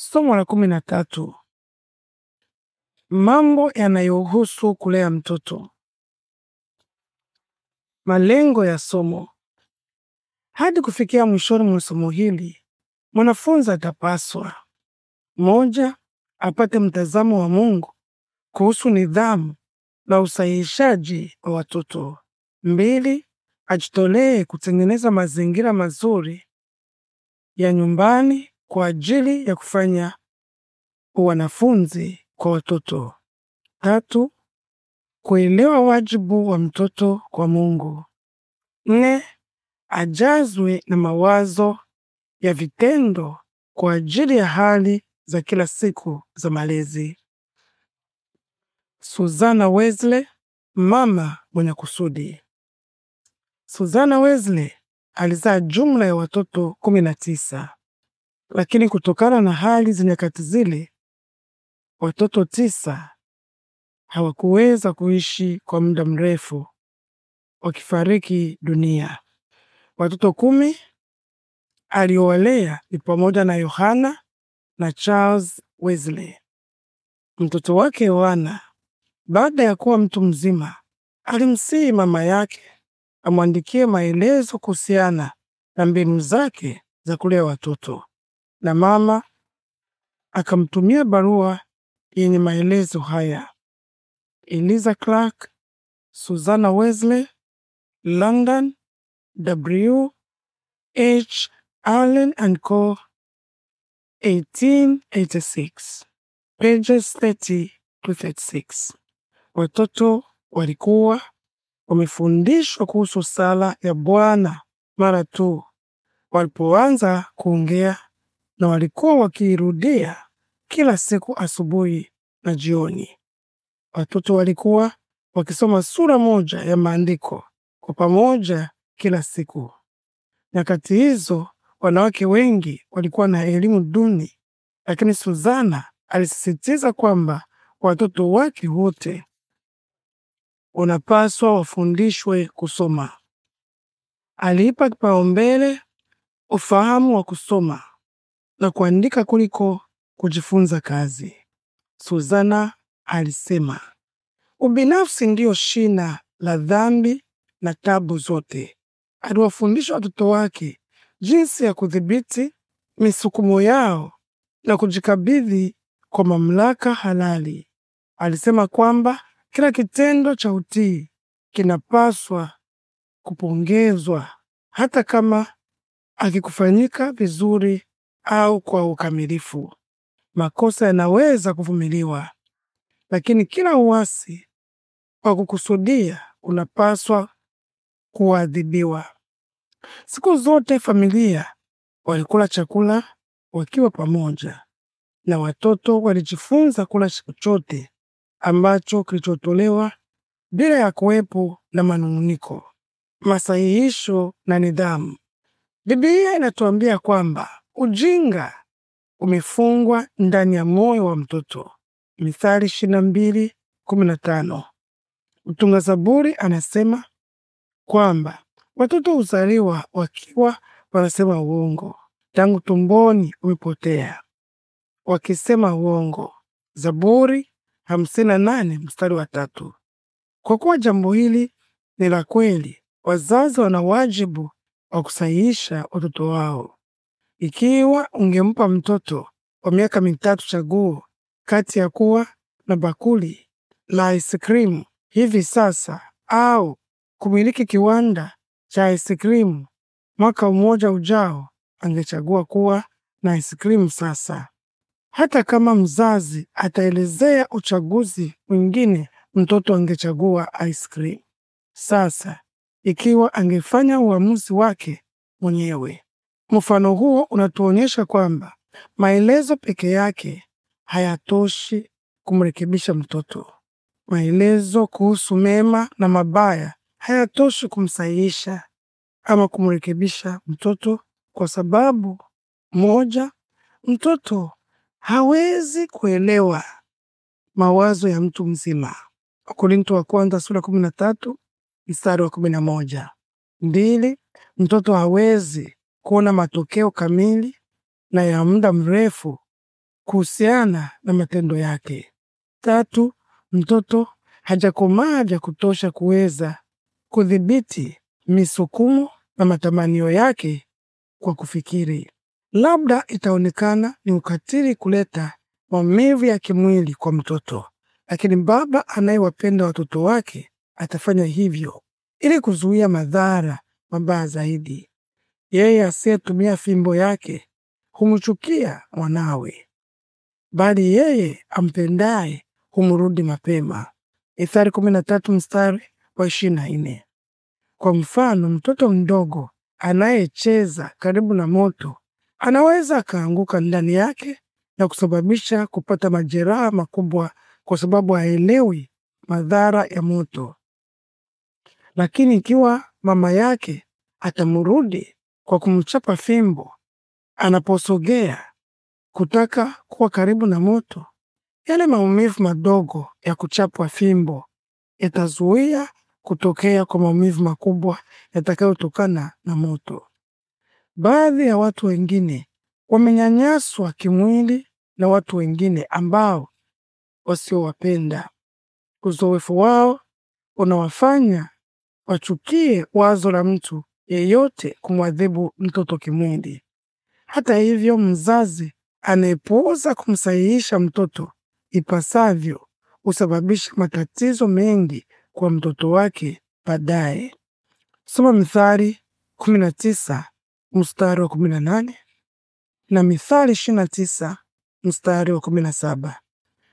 Somo la kumi na tatu: mambo yanayohusu kulea mtoto. Malengo ya somo. Hadi kufikia mwishoni mwa somo hili, mwanafunzi atapaswa: moja, apate mtazamo wa Mungu kuhusu nidhamu na usahihishaji wa watoto; mbili, ajitolee kutengeneza mazingira mazuri ya nyumbani kwa ajili ya kufanya wanafunzi kwa watoto. Tatu, kuelewa wajibu wa mtoto kwa Mungu. Nne, ajazwe na mawazo ya vitendo kwa ajili ya hali za kila siku za malezi. Suzana Wesley, mama mwenye kusudi. Suzana Wesley alizaa jumla ya watoto 19. Lakini kutokana na hali za nyakati zile, watoto tisa hawakuweza kuishi kwa muda mrefu, wakifariki dunia. Watoto kumi aliowalea ni pamoja na Yohana na Charles Wesley. Mtoto wake Yohana, baada ya kuwa mtu mzima, alimsihi mama yake amwandikie maelezo kuhusiana na mbinu zake za kulea watoto na mama akamtumia barua yenye maelezo haya: Eliza Clark, Susanna Wesley, London, W H Allen and Co, 1886, pages 30 to 36. Watoto walikuwa wamefundishwa kuhusu sala ya Bwana mara tu walipoanza kuongea na walikuwa wakiirudia kila siku asubuhi na jioni. Watoto walikuwa wakisoma sura moja ya maandiko kwa pamoja kila siku. Nyakati hizo wanawake wengi walikuwa na elimu duni, lakini Suzana alisisitiza kwamba watoto wake wote wanapaswa wafundishwe kusoma. Aliipa kipaumbele ufahamu wa kusoma na kuandika kuliko kujifunza kazi. Suzana alisema, ubinafsi ndiyo shina la dhambi na tabu zote. Aliwafundisha watoto wake jinsi ya kudhibiti misukumo yao na kujikabidhi kwa mamlaka halali. Alisema kwamba kila kitendo cha utii kinapaswa kupongezwa hata kama akikufanyika vizuri au kwa ukamilifu. Makosa yanaweza kuvumiliwa, lakini kila uasi wa kukusudia unapaswa kuadhibiwa. Siku zote familia walikula chakula wakiwa pamoja, na watoto walijifunza kula chochote ambacho kilichotolewa bila ya kuwepo na manunguniko, masahihisho na nidhamu. Biblia inatuambia kwamba Ujinga umefungwa ndani ya moyo wa mtoto. Mithali 22:15. Mtunga Zaburi anasema kwamba watoto huzaliwa wakiwa wanasema uongo, tangu tumboni umepotea wakisema uongo. Zaburi hamsini nane mstari wa tatu. Kwa kuwa jambo hili ni la kweli, wazazi wana wajibu wa kusahihisha watoto wao. Ikiwa ungempa mtoto wa miaka mitatu chaguo kati ya kuwa na bakuli la cream hivi sasa au kumiliki kiwanda cha cream mwaka mmoja ujao, angechagua kuwa na cream sasa, hata kama mzazi ataelezea uchaguzi mwingine, mtoto angechagua cream sasa ikiwa angefanya uamuzi wake mwenyewe. Mfano huo unatuonyesha kwamba maelezo peke yake hayatoshi kumrekebisha mtoto. Maelezo kuhusu mema na mabaya hayatoshi kumsahihisha ama kumrekebisha mtoto, kwa sababu moja, mtoto hawezi kuelewa mawazo ya mtu mzima. Wakorintho wa kwanza sura kumi na tatu mstari wa kumi na moja. Mbili, mtoto hawezi kuona matokeo kamili na ya muda mrefu kuhusiana na matendo yake. Tatu, mtoto hajakomaa vya kutosha kuweza kudhibiti misukumo na matamanio yake kwa kufikiri. Labda itaonekana ni ukatili kuleta maumivu ya kimwili kwa mtoto, lakini baba anayewapenda watoto wake atafanya hivyo ili kuzuia madhara mabaya zaidi. Yeye asiyetumia fimbo yake humchukia mwanawe, bali yeye ampendaye humrudi mapema. Ithari 13 mstari wa 24. Kwa mfano, mtoto mdogo anayecheza karibu na moto anaweza akaanguka ndani yake na kusababisha kupata majeraha makubwa kwa sababu haelewi madhara ya moto. Lakini ikiwa mama yake atamrudi kwa kumchapa fimbo anaposogea kutaka kuwa karibu na moto, yale maumivu madogo ya kuchapwa fimbo yatazuia kutokea kwa maumivu makubwa yatakayotokana na moto. Baadhi ya watu wengine wamenyanyaswa kimwili na watu wengine ambao wasiowapenda. Uzoefu wao unawafanya wachukie wazo la mtu yeyote kumwadhibu mtoto kimwili. Hata hivyo, mzazi anayepuuza kumsahihisha mtoto ipasavyo husababisha matatizo mengi kwa mtoto wake baadaye. Soma Mithali 19 mstari wa 18 na Mithali 29 mstari wa 17.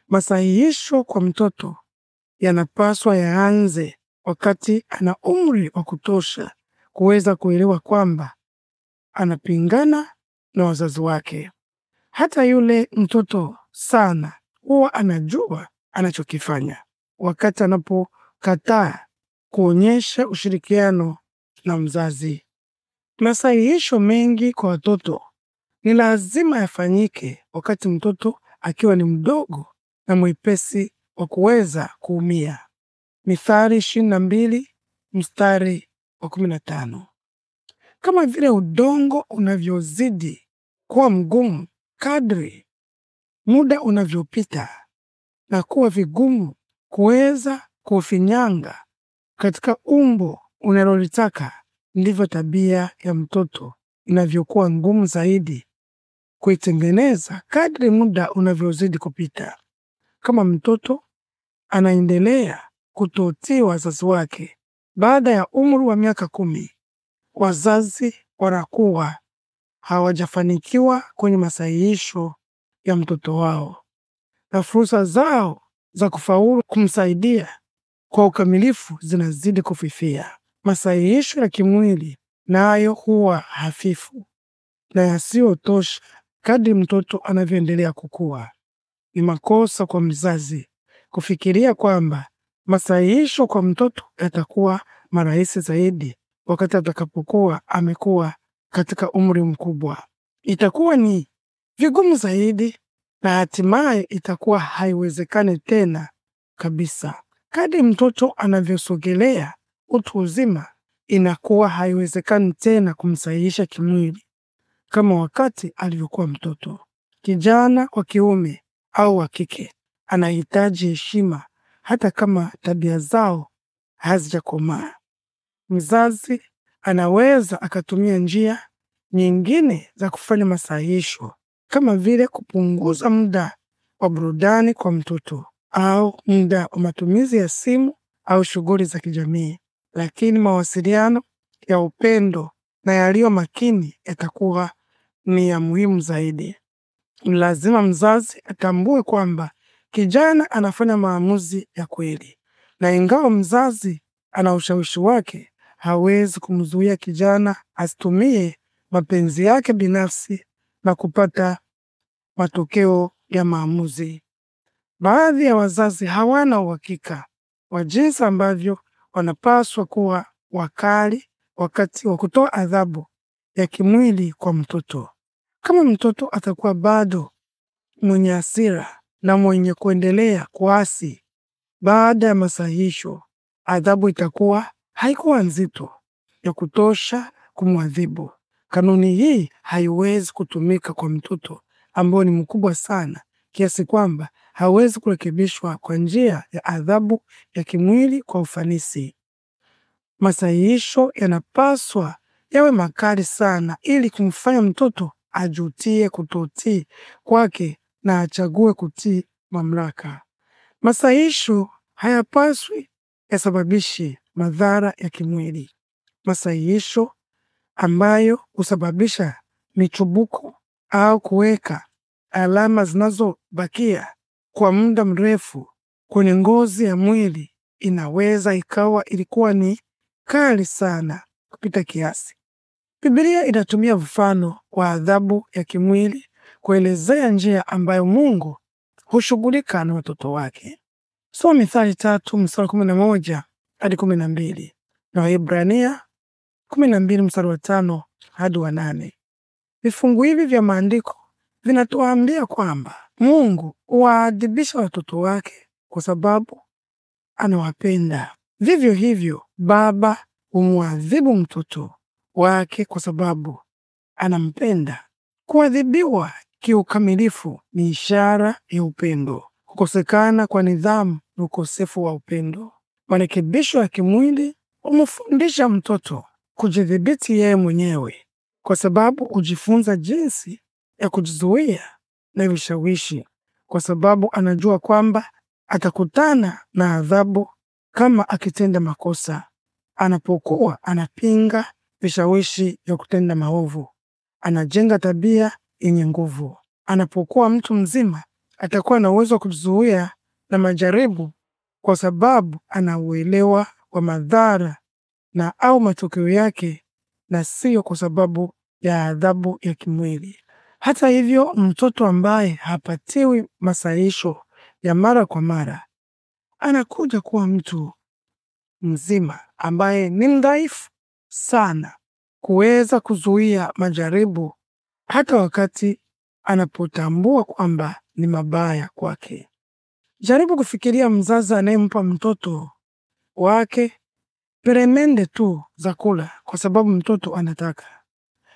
Masahihisho kwa mtoto yanapaswa yaanze wakati ana umri wa kutosha kuweza kuelewa kwamba anapingana na wazazi wake. Hata yule mtoto sana huwa anajua anachokifanya wakati anapokataa kuonyesha ushirikiano na mzazi. Masahihisho mengi kwa watoto ni lazima yafanyike wakati mtoto akiwa ni mdogo na mwepesi wa kuweza kuumia. Mithali ishirini na mbili mstari wa kumi na tano. Kama vile udongo unavyozidi kuwa mgumu kadri muda unavyopita na kuwa vigumu kuweza kufinyanga katika umbo unalolitaka, ndivyo tabia ya mtoto inavyokuwa ngumu zaidi kuitengeneza kadri muda unavyozidi kupita. Kama mtoto anaendelea kutotii wazazi wake baada ya umri wa miaka kumi, wazazi wanakuwa hawajafanikiwa kwenye masahihisho ya mtoto wao, na fursa zao za kufaulu kumsaidia kwa ukamilifu zinazidi kufifia. Masahihisho ya kimwili nayo na huwa hafifu na yasiyotosha kadri mtoto anavyoendelea kukua. Ni makosa kwa mzazi kufikiria kwamba masahihisho kwa mtoto yatakuwa marahisi zaidi wakati atakapokuwa amekuwa katika umri mkubwa. Itakuwa ni vigumu zaidi na hatimaye itakuwa haiwezekani tena kabisa. kadi mtoto anavyosogelea utu uzima, inakuwa haiwezekani tena kumsahihisha kimwili kama wakati alivyokuwa mtoto. Kijana wa kiume au wa kike anahitaji heshima hata kama tabia zao hazijakomaa. Mzazi anaweza akatumia njia nyingine za kufanya masahisho kama vile kupunguza muda wa burudani kwa mtoto au muda wa matumizi ya simu au shughuli za kijamii, lakini mawasiliano ya upendo na yaliyo makini yatakuwa ni ya muhimu zaidi. Ni lazima mzazi atambue kwamba Kijana anafanya maamuzi ya kweli, na ingawa mzazi ana ushawishi wake, hawezi kumzuia kijana asitumie mapenzi yake binafsi na kupata matokeo ya maamuzi. Baadhi ya wazazi hawana uhakika wa jinsi ambavyo wanapaswa kuwa wakali wakati wa kutoa adhabu ya kimwili kwa mtoto. Kama mtoto atakuwa bado mwenye hasira na mwenye kuendelea kuasi baada ya masahisho, adhabu itakuwa haikuwa nzito ya kutosha kumwadhibu. Kanuni hii haiwezi kutumika kwa mtoto ambaye ni mkubwa sana kiasi kwamba hawezi kurekebishwa kwa njia ya adhabu ya kimwili kwa ufanisi. Masahihisho yanapaswa yawe makali sana ili kumfanya mtoto ajutie kutotii kwake na achague kutii mamlaka. Masahisho hayapaswi yasababishe madhara ya kimwili. masaisho ambayo husababisha michubuko au kuweka alama zinazobakia kwa muda mrefu kwenye ngozi ya mwili inaweza ikawa ilikuwa ni kali sana kupita kiasi. Biblia inatumia mfano wa adhabu ya kimwili kuelezea njia ambayo Mungu hushughulika na watoto wake. Soma Mithali tatu mstari kumi na moja hadi kumi na mbili na Waibrania kumi na mbili mstari wa tano hadi wa nane. Vifungu hivi vya maandiko vinatuambia kwamba Mungu huwaadhibisha watoto wake kwa sababu anawapenda. Vivyo hivyo, baba humwadhibu mtoto wake kwa sababu anampenda. Kuadhibiwa kiukamilifu ni ishara ya upendo. Kukosekana kwa nidhamu ni ukosefu wa upendo. Marekebisho ya kimwili humfundisha mtoto kujidhibiti yeye mwenyewe, kwa sababu hujifunza jinsi ya kujizuia na vishawishi, kwa sababu anajua kwamba atakutana na adhabu kama akitenda makosa. Anapokuwa anapinga vishawishi vya kutenda maovu, anajenga tabia yenye nguvu. Anapokuwa mtu mzima, atakuwa na uwezo wa kujizuia na majaribu kwa sababu ana uelewa wa madhara na au matokeo yake na siyo kwa sababu ya adhabu ya kimwili. Hata hivyo, mtoto ambaye hapatiwi masaisho ya mara kwa mara anakuja kuwa mtu mzima ambaye ni mdhaifu sana kuweza kuzuia majaribu hata wakati anapotambua kwamba ni mabaya kwake. Jaribu kufikiria mzazi anayempa mtoto wake peremende tu za kula kwa sababu mtoto anataka.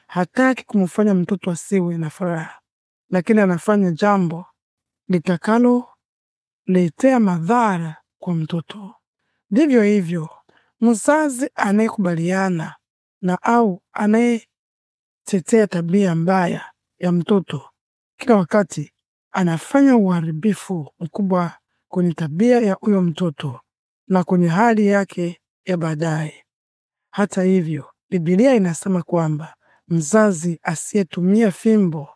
Hataki kumfanya mtoto asiwe na furaha, lakini anafanya jambo litakalo letea madhara kwa mtoto. Vivyo hivyo, mzazi anayekubaliana na au anaye kutetea tabia mbaya ya mtoto kila wakati anafanya uharibifu mkubwa kwenye tabia ya huyo mtoto na kwenye hali yake ya baadaye. Hata hivyo, Biblia inasema kwamba mzazi asiyetumia fimbo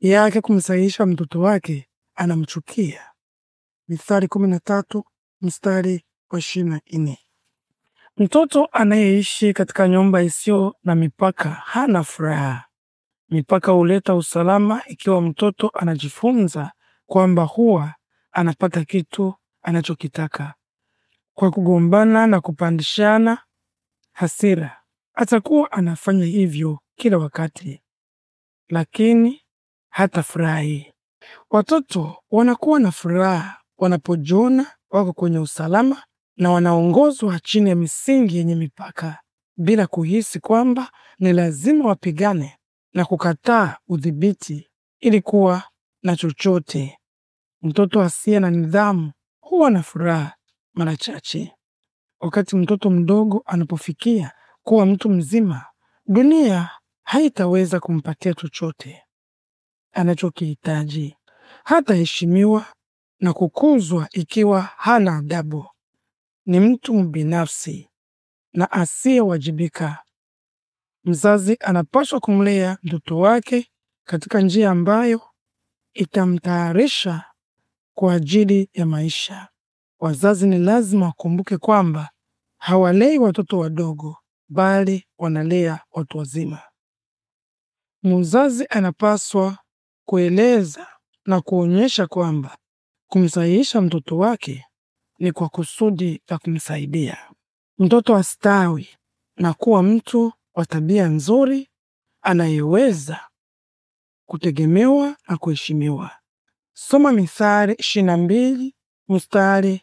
yake kumsahihisha mtoto wake anamchukia. Mithali 13 mstari wa 24. Mtoto anayeishi katika nyumba isiyo na mipaka hana furaha. Mipaka huleta usalama ikiwa mtoto anajifunza kwamba huwa anapata kitu anachokitaka. Kwa kugombana na kupandishana hasira, atakuwa anafanya hivyo kila wakati, lakini hatafurahi. Watoto wanakuwa na furaha wanapojiona wako kwenye usalama na wanaongozwa chini ya misingi yenye mipaka bila kuhisi kwamba ni lazima wapigane na kukataa udhibiti ili kuwa na chochote. Mtoto asiye na nidhamu huwa na furaha mara chache. Wakati mtoto mdogo anapofikia kuwa mtu mzima, dunia haitaweza kumpatia chochote anachokihitaji. Hataheshimiwa na kukuzwa ikiwa hana adabu ni mtu mbinafsi na asiyewajibika. Mzazi anapaswa kumlea mtoto wake katika njia ambayo itamtayarisha kwa ajili ya maisha. Wazazi ni lazima wakumbuke kwamba hawalei watoto wadogo, bali wanalea watu wazima. Mzazi anapaswa kueleza na kuonyesha kwamba kumsahihisha mtoto wake ni kwa kusudi la kumsaidia mtoto astawi na kuwa mtu wa tabia nzuri anayeweza kutegemewa na kuheshimiwa. Soma Mithali 22 mstari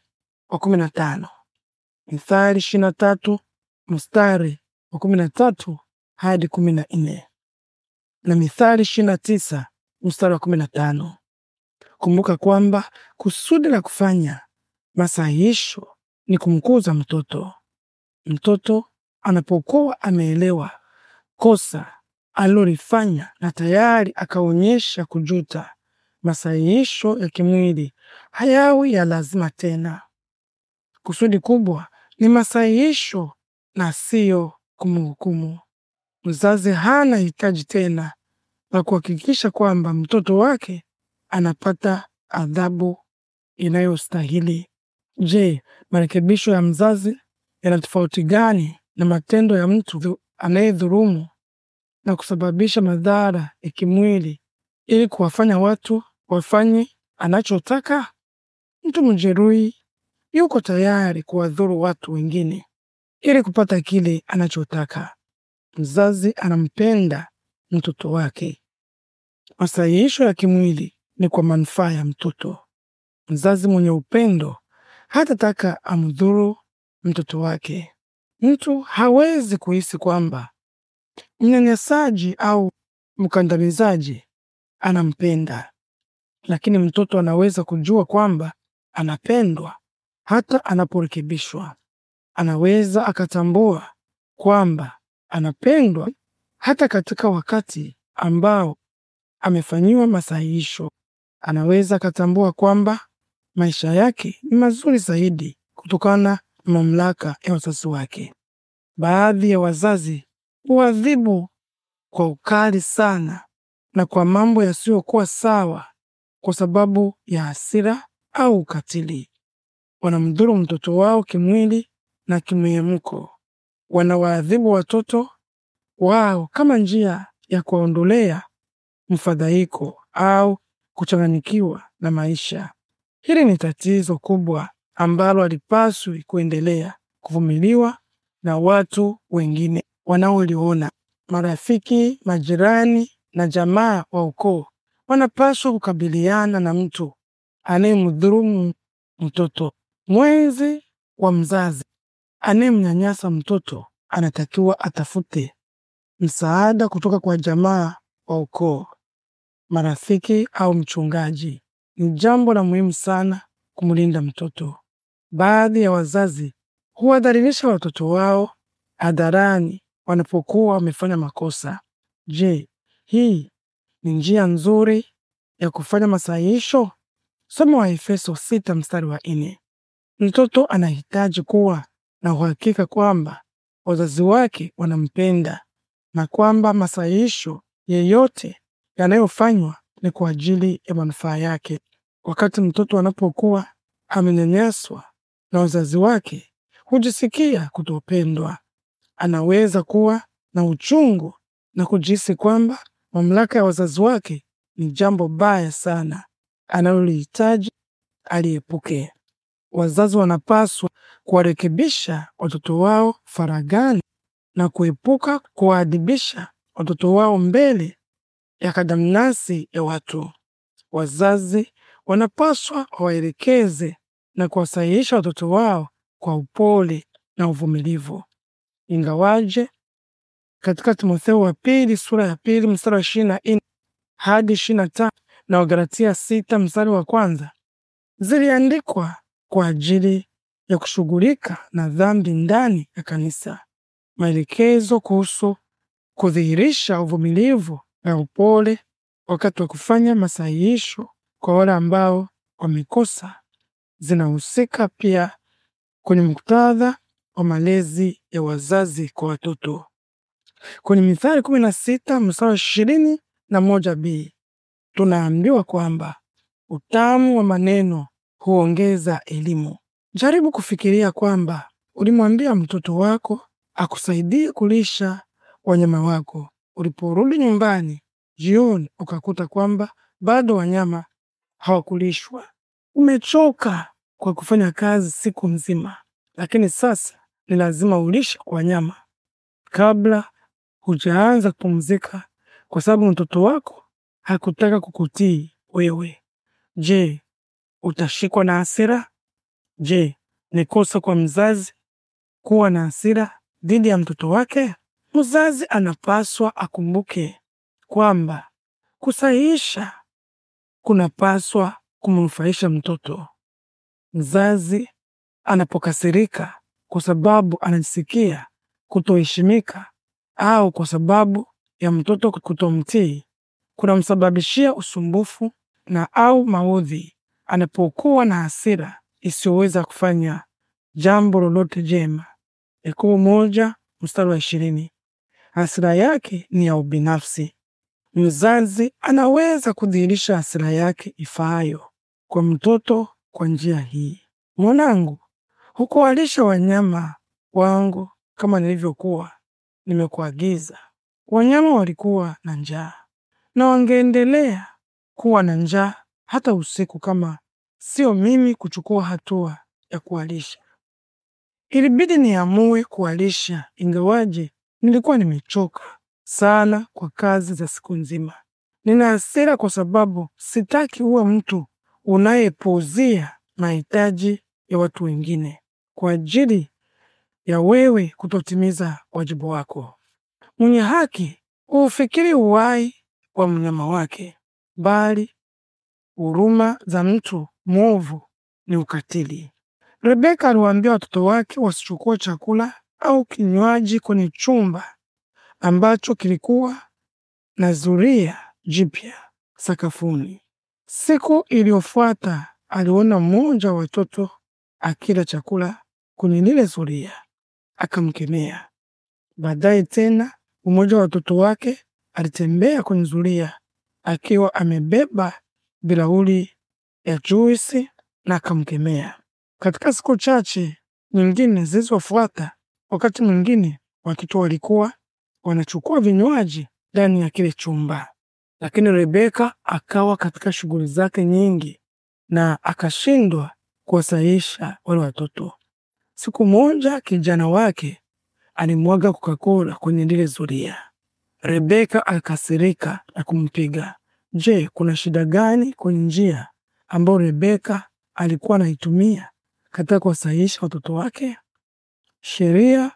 wa 15, Mithali 23 mstari wa 13 hadi 14 na Mithali 29 mstari wa 15. Kumbuka kwamba kusudi la kufanya Masahihisho ni kumkuza mtoto. Mtoto anapokuwa ameelewa kosa alilolifanya na tayari akaonyesha kujuta, masahihisho ya kimwili hayawi ya lazima tena. Kusudi kubwa ni masahihisho na siyo kumhukumu. Mzazi hana hitaji tena la kuhakikisha kwamba mtoto wake anapata adhabu inayostahili. Je, marekebisho ya mzazi yana tofauti gani na matendo ya mtu anayedhulumu na kusababisha madhara ya kimwili ili kuwafanya watu wafanye anachotaka? Mtu mjeruhi yuko tayari kuwadhuru watu wengine ili kupata kile anachotaka. Mzazi anampenda mtoto wake. Masahihisho ya kimwili ni kwa manufaa ya mtoto. Mzazi mwenye upendo hatataka amdhuru mtoto wake. Mtu hawezi kuhisi kwamba mnyanyasaji au mkandamizaji anampenda, lakini mtoto anaweza kujua kwamba anapendwa hata anaporekebishwa. Anaweza akatambua kwamba anapendwa hata katika wakati ambao amefanyiwa masahihisho. Anaweza akatambua kwamba maisha yake ni mazuri zaidi kutokana na mamlaka ya wazazi wake. Baadhi ya wazazi huadhibu kwa ukali sana na kwa mambo yasiyokuwa sawa kwa sababu ya hasira au ukatili. Wanamdhuru mtoto wao kimwili na kimwemko. Wanawaadhibu watoto wao kama njia ya kuwaondolea mfadhaiko au kuchanganyikiwa na maisha. Hili ni tatizo kubwa ambalo halipaswi kuendelea kuvumiliwa na watu wengine wanaoliona. Marafiki, majirani na jamaa wa ukoo wanapaswa kukabiliana na mtu anayemdhulumu mtoto. Mwenzi wa mzazi anayemnyanyasa mtoto anatakiwa atafute msaada kutoka kwa jamaa wa ukoo, marafiki au mchungaji. Ni jambo la muhimu sana kumlinda mtoto. Baadhi ya wazazi huwadhalilisha watoto wao hadharani wanapokuwa wamefanya makosa. Je, hii ni njia nzuri ya kufanya masahihisho? wa Efeso sita mstari wa nne. Mtoto anahitaji kuwa na uhakika kwamba wazazi wake wanampenda na kwamba masahihisho yeyote yanayofanywa ni kwa ajili ya manufaa yake. Wakati mtoto anapokuwa amenyanyaswa na wazazi wake, hujisikia kutopendwa, anaweza kuwa na uchungu na kujihisi kwamba mamlaka ya wazazi wake ni jambo baya sana analolihitaji aliepuke. Wazazi wanapaswa kuwarekebisha watoto wao faragani na kuepuka kuwaadibisha watoto wao mbele ya kadamnasi ya watu. Wazazi wanapaswa waelekeze na kuwasahihisha watoto wao kwa upole na uvumilivu, ingawaje katika Timotheo wa pili sura ya pili mstari wa ishirini na nne hadi ishirini na tano na Wagalatia sita mstari wa kwanza ziliandikwa kwa ajili ya kushughulika na dhambi ndani ya kanisa. Maelekezo kuhusu kudhihirisha uvumilivu na upole wakati wa kufanya masahihisho kwa wale ambao wamekosa. Zinahusika pia kwenye muktadha wa malezi ya wazazi kwa watoto kwenye Mithali kumi na sita ishirini na moja b tunaambiwa kwamba utamu wa maneno huongeza elimu. Jaribu kufikiria kwamba ulimwambia mtoto wako akusaidie kulisha wanyama wako, Uliporudi nyumbani jioni, ukakuta kwamba bado wanyama hawakulishwa. Umechoka kwa kufanya kazi siku nzima, lakini sasa ni lazima ulishe kwa wanyama kabla hujaanza kupumzika, kwa sababu mtoto wako hakutaka kukutii wewe. Je, utashikwa na hasira? Je, ni kosa kwa mzazi kuwa na hasira dhidi ya mtoto wake? Mzazi anapaswa akumbuke kwamba kusahihisha kunapaswa kumnufaisha mtoto. Mzazi anapokasirika kwa sababu anajisikia kutoheshimika au kwa sababu ya mtoto kutomtii, kunamsababishia usumbufu na au maudhi anapokuwa na hasira isiyoweza kufanya jambo lolote jema. Yakobo moja mstari wa ishirini hasira yake ni ya ubinafsi. Mzazi anaweza kudhihirisha hasira yake ifaayo kwa mtoto kwa njia hii: mwanangu, hukuwalisha wanyama wangu kama nilivyokuwa nimekuagiza. Wanyama walikuwa na njaa na wangeendelea kuwa na njaa hata usiku kama sio mimi kuchukua hatua ya kuwalisha. Ilibidi niamue kuwalisha, ingawaje Nilikuwa nimechoka sana kwa kazi za siku nzima. Nina hasira kwa sababu sitaki uwe mtu unayepuuzia mahitaji ya watu wengine kwa ajili ya wewe kutotimiza wajibu wako. Mwenye haki huufikiri uhai wa mnyama wake, bali huruma za mtu mwovu ni ukatili. Rebeka aliwaambia watoto wake wasichukue chakula au kinywaji kwenye chumba ambacho kilikuwa na zuria jipya sakafuni. Siku iliyofuata aliona mmoja wa watoto akila chakula kwenye lile zuria, akamkemea. Baadaye tena mmoja wa watoto wake alitembea kwenye zuria akiwa amebeba bilauli ya juisi na akamkemea. Katika siku chache nyingine zilizofuata Wakati mwingine watoto walikuwa wanachukua vinywaji ndani ya kile chumba, lakini Rebeka akawa katika shughuli zake nyingi na akashindwa kuwasaisha wale watoto. Siku moja kijana wake alimwaga coca kwenye lile zulia. Rebeka akasirika na kumpiga. Je, kuna shida gani kwenye njia ambayo Rebeka alikuwa anaitumia katika kuwasaisha watoto wake? Sheria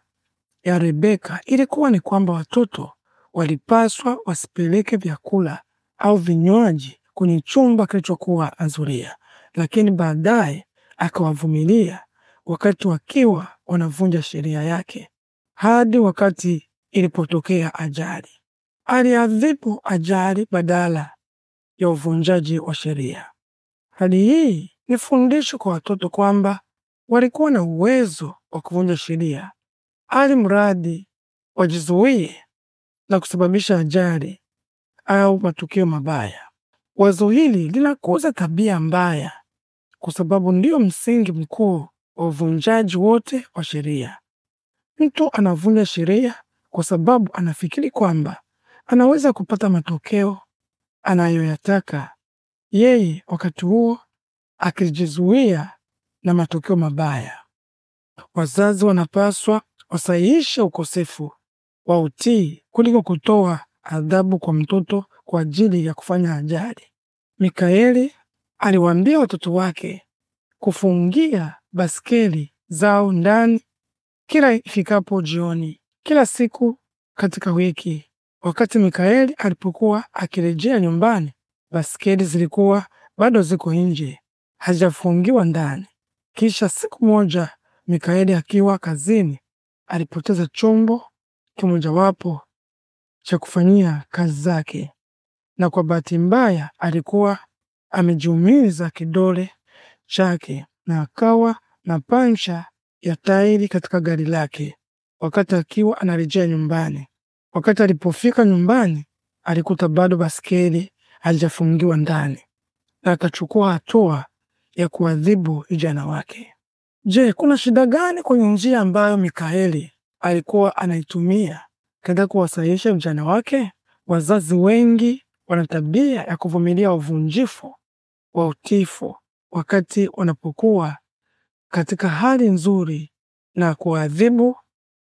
ya Rebeka ilikuwa ni kwamba watoto walipaswa wasipeleke vyakula au vinywaji kwenye chumba kilichokuwa azuria, lakini baadaye akawavumilia wakati wakiwa wanavunja sheria yake hadi wakati ilipotokea ajali. Aliadhibu ajali badala ya uvunjaji wa sheria. Hali hii ni fundisho kwa watoto kwamba walikuwa na uwezo wa kuvunja sheria, ali mradi wajizuie na kusababisha ajali au matukio mabaya. Wazo hili linakuza tabia mbaya, kwa sababu ndio msingi mkuu wa uvunjaji wote wa sheria. Mtu anavunja sheria kwa sababu anafikiri kwamba anaweza kupata matokeo anayoyataka yeye, wakati huo akijizuia na matokeo mabaya. Wazazi wanapaswa wasahihishe ukosefu wa utii kuliko kutoa adhabu kwa mtoto kwa ajili ya kufanya ajali. Mikaeli aliwaambia watoto wake kufungia baskeli zao ndani kila ifikapo jioni kila siku katika wiki. Wakati Mikaeli alipokuwa akirejea nyumbani, baskeli zilikuwa bado ziko nje, hazijafungiwa ndani. Kisha siku moja Mikaeli akiwa kazini alipoteza chombo kimojawapo cha kufanyia kazi zake, na kwa bahati mbaya alikuwa amejiumiza kidole chake na akawa na pancha ya tairi katika gari lake wakati akiwa anarejea nyumbani. Wakati alipofika nyumbani, alikuta bado baskeli halijafungiwa ndani, na akachukua hatua ya kuadhibu vijana wake. Je, kuna shida gani kwenye njia ambayo Mikaeli alikuwa anaitumia katika kuwasahihisha vijana wake? Wazazi wengi wana tabia ya kuvumilia uvunjifu wa utifu wakati wanapokuwa katika hali nzuri na kuadhibu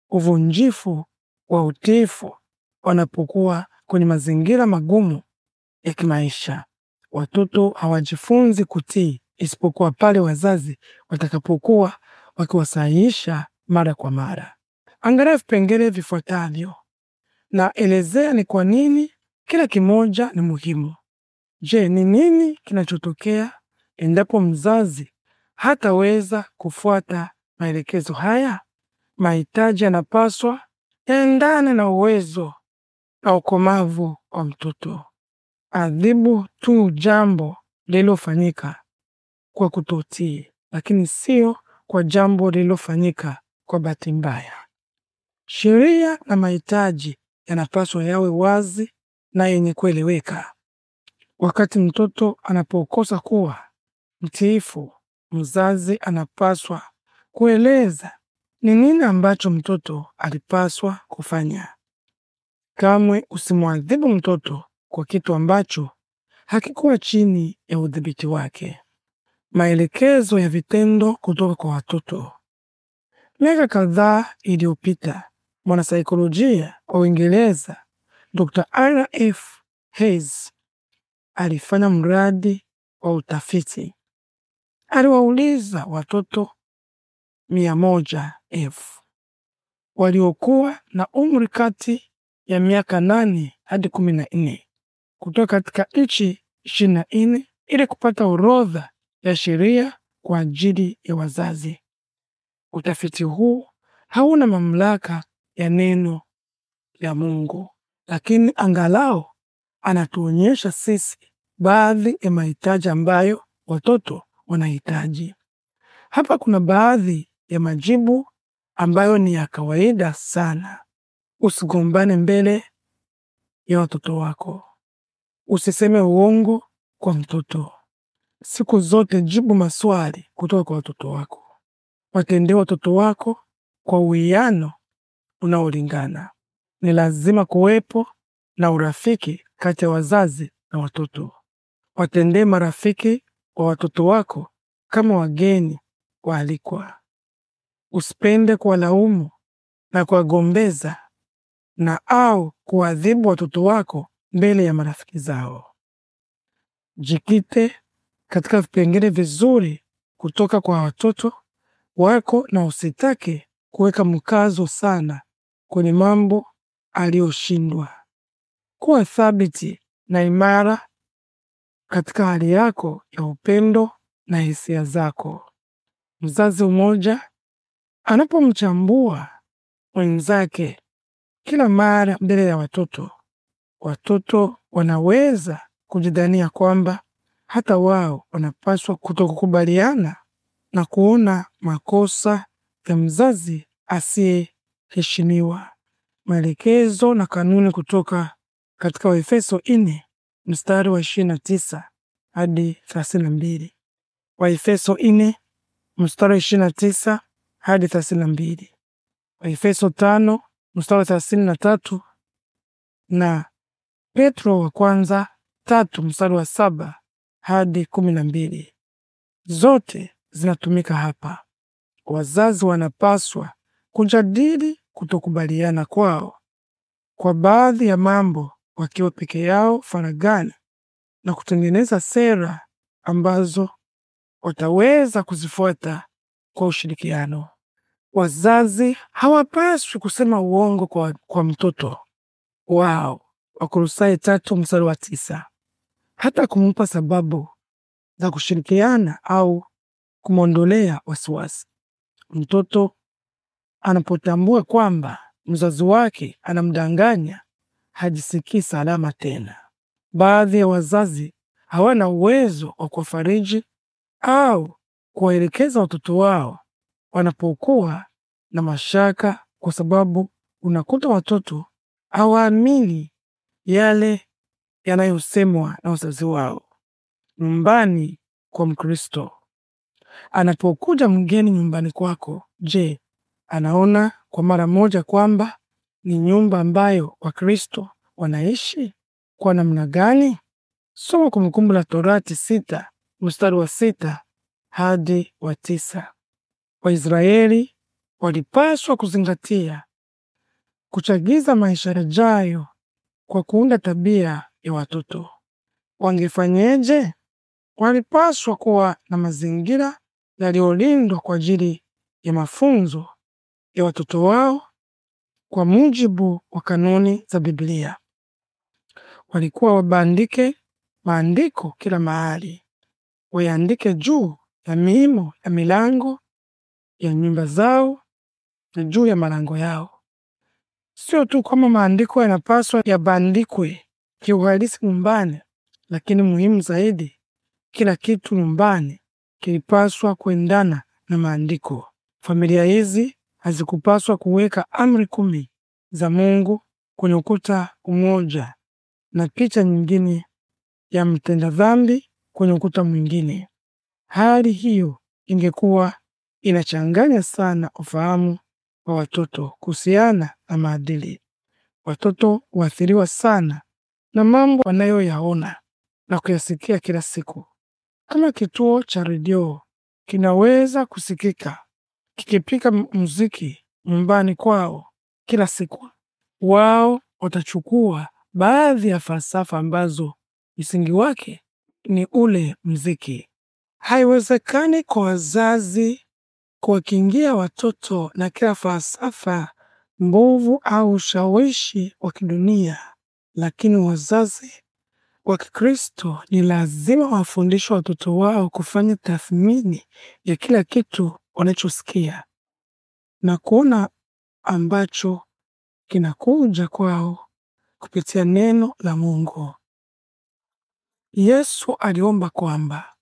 uvunjifu wa utifu wanapokuwa kwenye mazingira magumu ya kimaisha. Watoto hawajifunzi kutii isipokuwa pale wazazi watakapokuwa wakiwasahihisha mara kwa mara. Angalia vipengele vifuatavyo na elezea ni kwa nini kila kimoja ni muhimu. Je, ni nini kinachotokea endapo mzazi hataweza kufuata maelekezo haya? Mahitaji yanapaswa yaendane na uwezo na ukomavu wa mtoto. Adhibu tu jambo lililofanyika kwa kutotii, lakini sio kwa jambo lililofanyika kwa bahati mbaya. Sheria na mahitaji yanapaswa yawe wazi na yenye kueleweka. Wakati mtoto anapokosa kuwa mtiifu, mzazi anapaswa kueleza ni nini ambacho mtoto alipaswa kufanya. Kamwe usimwadhibu mtoto kwa kitu ambacho hakikuwa chini ya udhibiti wake. Maelekezo ya vitendo kutoka kwa watoto. Miaka kadhaa iliyopita, mwanasaikolojia wa Uingereza Dr. Anna F. Hayes alifanya mradi wa utafiti. Aliwauliza watoto mia moja elfu waliokuwa na umri kati ya miaka nane hadi kumi na nne kutoka katika nchi ishirini na nne ili kupata orodha ya sheria kwa ajili ya wazazi. Utafiti huu hauna mamlaka ya neno la Mungu, lakini angalau anatuonyesha sisi baadhi ya mahitaji ambayo watoto wanahitaji. Hapa kuna baadhi ya majibu ambayo ni ya kawaida sana. Usigombane mbele ya watoto wako. Usiseme uongo kwa mtoto. Siku zote jibu maswali kutoka kwa watoto wako. Watendee watoto wako kwa uwiano unaolingana. Ni lazima kuwepo na urafiki kati ya wazazi na watoto. Watendee marafiki wa watoto wako kama wageni waalikwa. Usipende kuwalaumu na kuwagombeza na au kuadhibu watoto wako mbele ya marafiki zao. Jikite katika vipengele vizuri kutoka kwa watoto wako na usitake kuweka mkazo sana kwenye mambo aliyoshindwa. Kuwa thabiti na imara katika hali yako ya upendo na hisia zako. Mzazi mmoja anapomchambua mwenzake kila mara mbele ya watoto, watoto wanaweza kujidhania kwamba hata wao wanapaswa kutokukubaliana na kuona makosa ya mzazi asiyeheshimiwa. Maelekezo na kanuni kutoka katika Waefeso nne mstari wa 29 hadi 32. Waefeso nne mstari wa 29 hadi 32. Waefeso tano mstari wa 33 na Petro wa kwanza tatu mstari wa saba hadi kumi na mbili zote zinatumika hapa. Wazazi wanapaswa kujadili kutokubaliana kwao kwa baadhi ya mambo wakiwa peke yao faragani na kutengeneza sera ambazo wataweza kuzifuata kwa ushirikiano. Wazazi hawapaswi kusema uongo kwa, kwa mtoto wao. Wakolosai tatu mstari wa tisa hata kumpa sababu za kushirikiana au kumwondolea wasiwasi. Mtoto anapotambua kwamba mzazi wake anamdanganya, hajisikii salama tena. Baadhi ya wazazi hawana uwezo wa kuwafariji au kuwaelekeza watoto wao wanapokuwa na mashaka, kwa sababu unakuta watoto hawaamini yale yanayosemwa na wazazi wao nyumbani kwa Mkristo. Anapokuja mgeni nyumbani kwako, je, anaona kwa mara moja kwamba ni nyumba ambayo Wakristo wanaishi kwa namna gani? Soma Kumbukumbu la Torati sita mstari wa sita hadi wa tisa. Waisraeli walipaswa kuzingatia kuchagiza maisha yajayo kwa kuunda tabia ya watoto. Wangefanyeje? Walipaswa kuwa na mazingira yaliyolindwa kwa ajili ya mafunzo ya watoto wao kwa mujibu wa kanuni za Biblia. Walikuwa wabandike maandiko kila mahali, wayaandike juu ya miimo ya milango ya nyumba zao na juu ya malango yao. Sio tu kama maandiko yanapaswa yabandikwe, kiuhalisi nyumbani, lakini muhimu zaidi, kila kitu nyumbani kilipaswa kuendana na maandiko. Familia hizi hazikupaswa kuweka amri kumi za Mungu kwenye ukuta mmoja na picha nyingine ya mtenda dhambi kwenye ukuta mwingine. Hali hiyo ingekuwa inachanganya sana ufahamu wa watoto kuhusiana na maadili. Watoto huathiriwa sana na mambo wanayoyaona na kuyasikia kila siku. Kama kituo cha redio kinaweza kusikika kikipika muziki nyumbani kwao kila siku, wao watachukua baadhi ya falsafa ambazo msingi wake ni ule mziki Haiwezekani kwa wazazi kuwakingia watoto na kila falsafa mbovu au ushawishi wa kidunia lakini wazazi wa Kikristo ni lazima wafundishe watoto wao kufanya tathmini ya kila kitu wanachosikia na kuona ambacho kinakuja kwao kupitia neno la Mungu. Yesu aliomba kwamba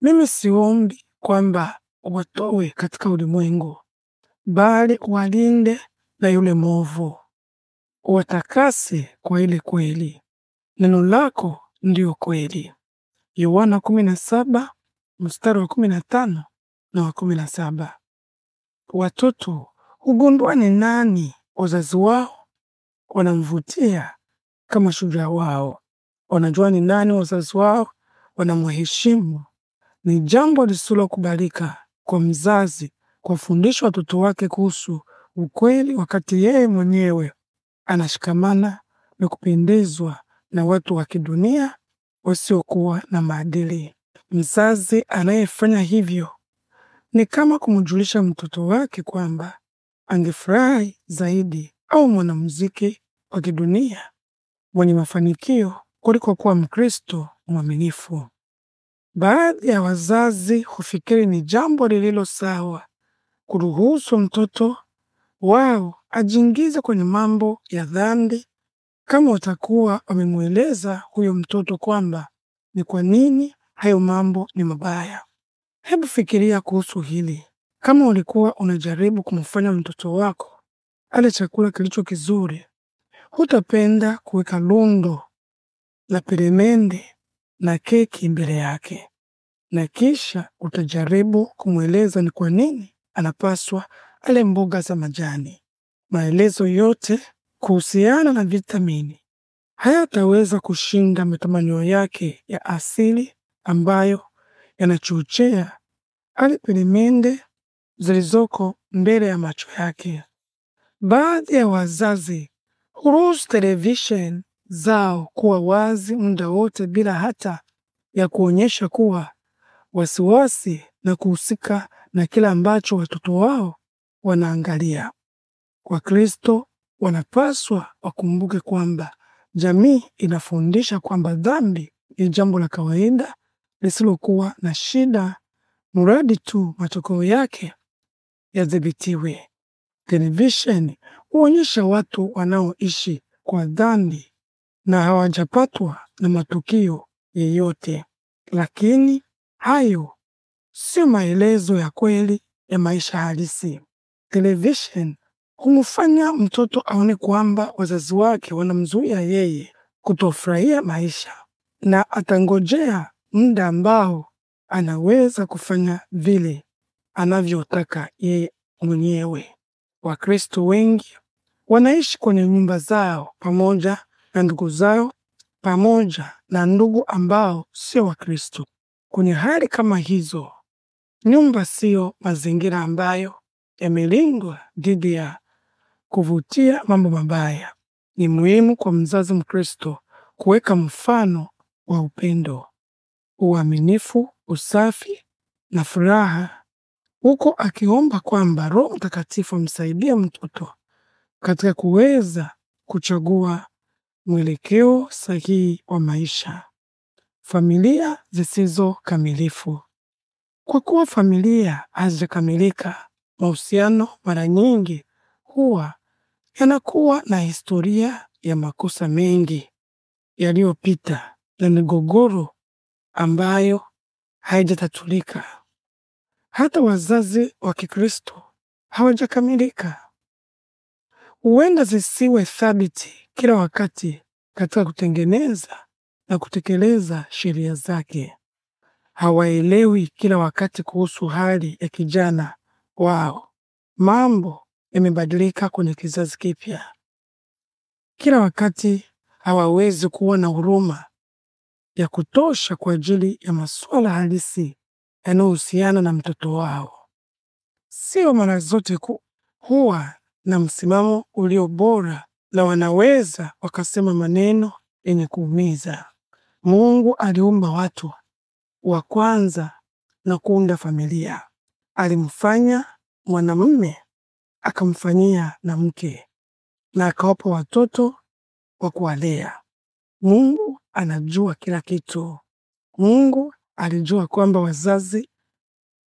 mimi siombi kwamba watowe katika ulimwengu, bali walinde na yule mwovu watakase kwa ile kweli, neno lako ndiyo kweli. Yohana 17 mstari wa 15 na wa 17. Watoto hugundua ni nani wazazi wao wanamvutia kama shujaa wao, wanajua ni nani wazazi wao wanamheshimu. Ni jambo lisilokubalika kwa mzazi kuwafundisha watoto wake kuhusu ukweli wakati yeye mwenyewe anashikamana na kupendezwa na watu wa kidunia wasiokuwa na maadili. Mzazi anayefanya hivyo ni kama kumjulisha mtoto wake kwamba angefurahi zaidi au mwanamuziki wa kidunia mwenye mafanikio kuliko kuwa Mkristo mwaminifu. Baadhi ya wazazi hufikiri ni jambo lililo sawa kuruhusu mtoto wao ajiingize kwenye mambo ya dhambi, kama watakuwa wamemweleza huyo mtoto kwamba ni kwa nini hayo mambo ni mabaya. Hebu fikiria kuhusu hili. Kama ulikuwa unajaribu kumfanya mtoto wako ale chakula kilicho kizuri, hutapenda kuweka lundo la peremende na keki mbele yake, na kisha utajaribu kumweleza ni kwa nini anapaswa ale mboga za majani. Maelezo yote kuhusiana na vitamini hayataweza kushinda matamanio yake ya asili ambayo yanachochea ali peremende zilizoko mbele ya macho yake. Baadhi ya wazazi huruhusu televisheni zao kuwa wazi muda wote bila hata ya kuonyesha kuwa wasiwasi na kuhusika na kila ambacho watoto wao wanaangalia. Kristo wanapaswa wakumbuke kwamba jamii inafundisha kwamba dhambi ni jambo la kawaida lisilokuwa na shida, mradi tu matokeo yake yadhibitiwe. Televisheni huonyesha watu wanaoishi kwa dhambi na hawajapatwa na matukio yeyote, lakini hayo sio maelezo ya kweli ya maisha halisi television humfanya mtoto aone kwamba wazazi wake wanamzuia yeye kutofurahia maisha, na atangojea muda ambao anaweza kufanya vile anavyotaka yeye mwenyewe. Wakristo wengi wanaishi kwenye nyumba zao pamoja na ndugu zao pamoja na ndugu ambao sio Wakristo. Kwenye hali kama hizo, nyumba siyo mazingira ambayo milingo dhidi ya kuvutia mambo mabaya. Ni muhimu kwa mzazi Mkristo kuweka mfano wa upendo, uaminifu, usafi na furaha, huko akiomba kwamba Roho Mtakatifu amsaidie mtoto katika kuweza kuchagua mwelekeo sahihi wa maisha. Familia zisizo kamilifu. Kwa kuwa familia hazijakamilika, mahusiano mara nyingi huwa yanakuwa na historia ya makosa mengi yaliyopita na migogoro ambayo haijatatulika. Hata wazazi wa Kikristo hawajakamilika, huenda zisiwe thabiti kila wakati katika kutengeneza na kutekeleza sheria zake. Hawaelewi kila wakati kuhusu hali ya kijana wao. Mambo yamebadilika kwenye kizazi kipya. Kila wakati hawawezi kuwa na huruma ya kutosha kwa ajili ya masuala halisi yanayohusiana na mtoto wao. Sio mara zote ku, huwa na msimamo ulio bora na wanaweza wakasema maneno yenye kuumiza. Mungu aliumba watu wa kwanza na kuunda familia alimfanya mwanamume akamfanyia na mke, na akawapa watoto wa kuwalea. Mungu anajua kila kitu. Mungu alijua kwamba wazazi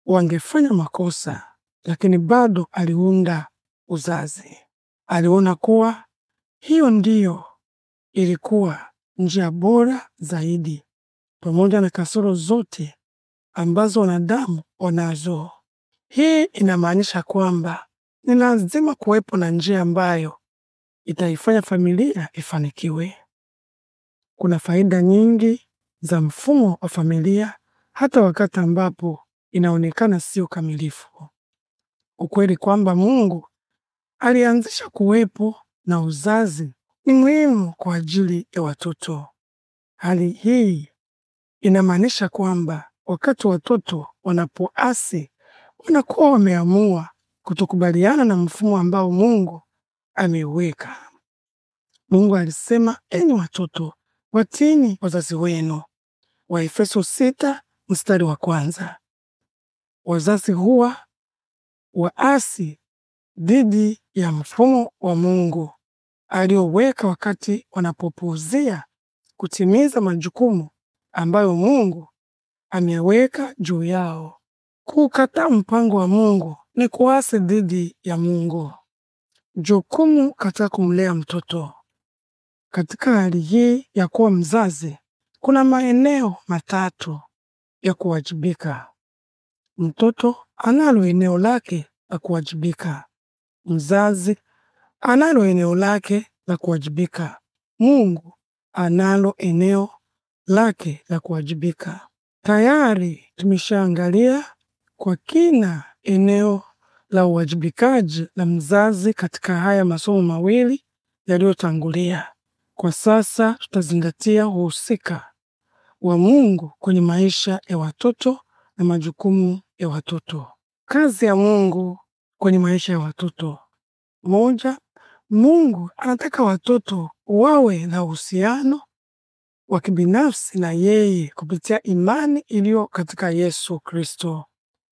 wangefanya makosa, lakini bado aliunda uzazi. Aliona kuwa hiyo ndiyo ilikuwa njia bora zaidi, pamoja na kasoro zote ambazo wanadamu wanazo. Hii inamaanisha kwamba ni lazima kuwepo na njia ambayo itaifanya familia ifanikiwe. Kuna faida nyingi za mfumo wa familia hata wakati ambapo inaonekana sio kamilifu. Ukweli kwamba Mungu alianzisha kuwepo na uzazi ni muhimu kwa ajili ya watoto. Hali hii inamaanisha kwamba wakati watoto wanapoasi wanakuwa wameamua kutokubaliana na mfumo ambao Mungu ameuweka. Mungu alisema, enyi watoto watini wazazi wenu, Waefeso sita mstari wa kwanza. Wazazi huwa waasi dhidi ya mfumo wa Mungu alioweka wakati wanapopuuzia kutimiza majukumu ambayo Mungu ameweka juu yao kukata mpango wa Mungu ni kuasi dhidi ya Mungu. Jukumu katika kumlea mtoto. Katika hali hii ya kuwa mzazi, kuna maeneo matatu ya kuwajibika. Mtoto analo eneo lake la kuwajibika, mzazi analo eneo lake la kuwajibika, Mungu analo eneo lake la kuwajibika. Tayari tumeshaangalia kwa kina eneo la uwajibikaji la mzazi katika haya masomo mawili yaliyotangulia. Kwa sasa tutazingatia uhusika wa Mungu kwenye maisha ya watoto na majukumu ya watoto. Kazi ya Mungu kwenye maisha ya watoto. Moja, Mungu anataka watoto wawe na uhusiano wa kibinafsi na yeye kupitia imani iliyo katika Yesu Kristo.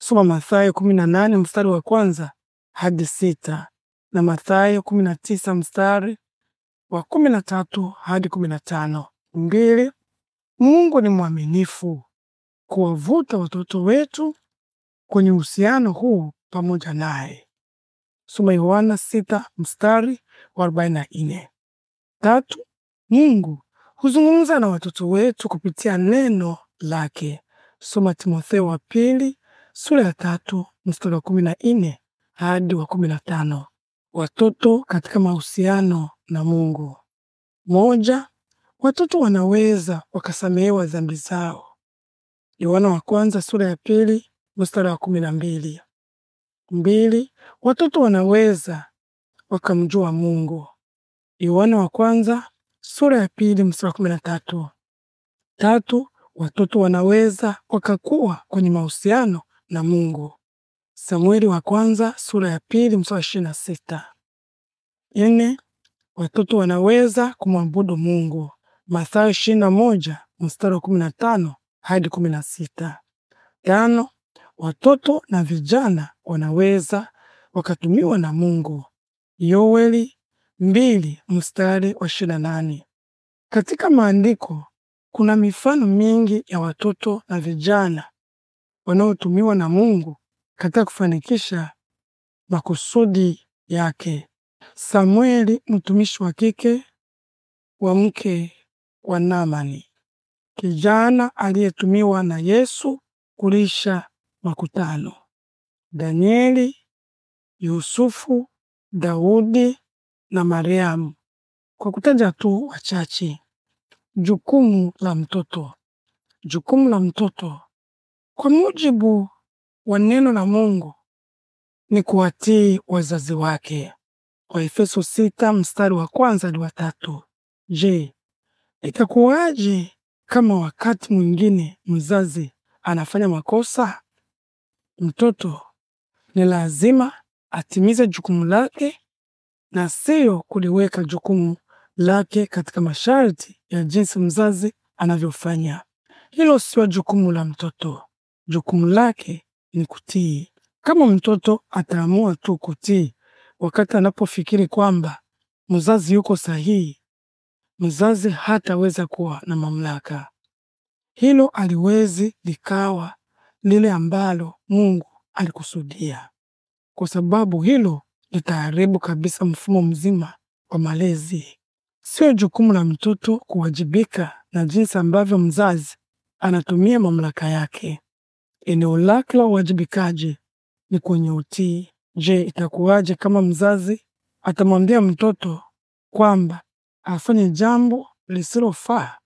Soma Mathayo 18 mstari wa kwanza hadi sita na Mathayo 19 mstari wa kumi na tatu hadi kumi na tano. Mbili, Mungu ni mwaminifu kuwavuta watoto wetu kwenye uhusiano huu pamoja naye. Soma Yohana sita mstari wa arobaini Tatu, Mungu huzungumza na watoto wetu kupitia neno lake. Soma Timotheo wa pili sura ya tatu mstari wa kumi na nne hadi wa kumi na tano. Watoto katika mahusiano na Mungu. Moja, watoto wanaweza wakasamehewa dhambi zao. Yohana wa kwanza sura ya pili mstari wa kumi na mbili. Mbili, watoto wanaweza wakamjua Mungu. Yohana wa kwanza sura ya pili mstari wa kumi na tatu. Tatu, watoto wanaweza wakakuwa kwenye mahusiano na Mungu. Samueli wa kwanza sura ya pili mstari wa ishirini na sita. Nne, watoto wanaweza kumwabudu Mungu. Mathayo ishirini na moja mstari wa kumi na tano hadi kumi na sita. Tano, watoto na vijana wanaweza wakatumiwa na Mungu. Yoweli mbili mstari wa ishirini na nane. Katika maandiko kuna mifano mingi ya watoto na vijana wanaotumiwa na Mungu katika kufanikisha makusudi yake. Samueli mtumishi wa kike wa mke wa Naamani, kijana aliyetumiwa na Yesu kulisha makutano. Danieli, Yusufu, Daudi na Mariamu, kwa kutaja tu wachache. Jukumu la mtoto. Jukumu la mtoto kwa mujibu wa neno la Mungu ni kuwatii wazazi wake. Waefeso sita mstari wa kwanza hadi wa tatu. Je, itakuwaje kama wakati mwingine mzazi anafanya makosa? Mtoto ni lazima atimize jukumu lake na siyo kuliweka jukumu lake katika masharti ya jinsi mzazi anavyofanya. Hilo sio jukumu la mtoto jukumu lake ni kutii. Kama mtoto ataamua tu kutii wakati anapofikiri kwamba mzazi yuko sahihi, mzazi hataweza kuwa na mamlaka. Hilo aliwezi likawa lile ambalo Mungu alikusudia, kwa sababu hilo litaharibu kabisa mfumo mzima wa malezi. Sio jukumu la mtoto kuwajibika na jinsi ambavyo mzazi anatumia mamlaka yake. Eneo lake la uwajibikaji ni kwenye utii. Je, itakuwaje kama mzazi atamwambia mtoto kwamba afanye jambo lisilofaa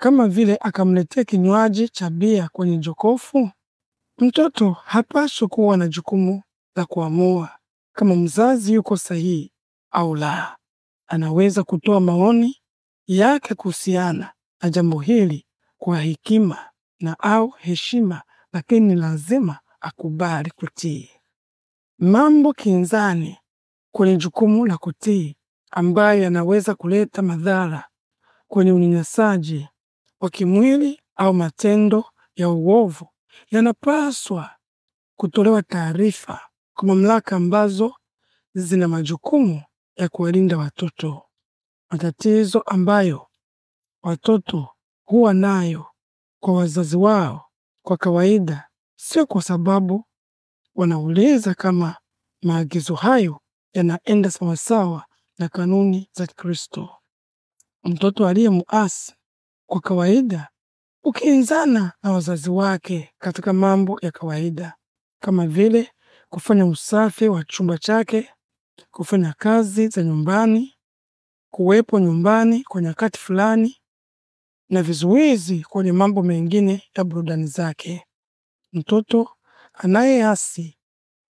kama vile akamletea kinywaji cha bia kwenye jokofu? Mtoto hapaswi kuwa na jukumu la kuamua kama mzazi yuko sahihi au la. Anaweza kutoa maoni yake kuhusiana na jambo hili kwa hekima na au heshima lakini lazima akubali kutii. Mambo kinzani kwenye jukumu la kutii ambayo yanaweza kuleta madhara kwenye unyanyasaji wa kimwili au matendo ya uovu yanapaswa kutolewa taarifa kwa mamlaka ambazo zina majukumu ya kuwalinda watoto. Matatizo ambayo watoto huwa nayo kwa wazazi wao kwa kawaida, sio kwa sababu wanauliza kama maagizo hayo yanaenda sawasawa na kanuni za Kristo. Mtoto aliye muasi kwa kawaida ukiinzana na wazazi wake katika mambo ya kawaida kama vile kufanya usafi wa chumba chake, kufanya kazi za nyumbani, kuwepo nyumbani kwa nyakati fulani na vizuizi kwenye mambo mengine ya burudani zake. Mtoto anayeasi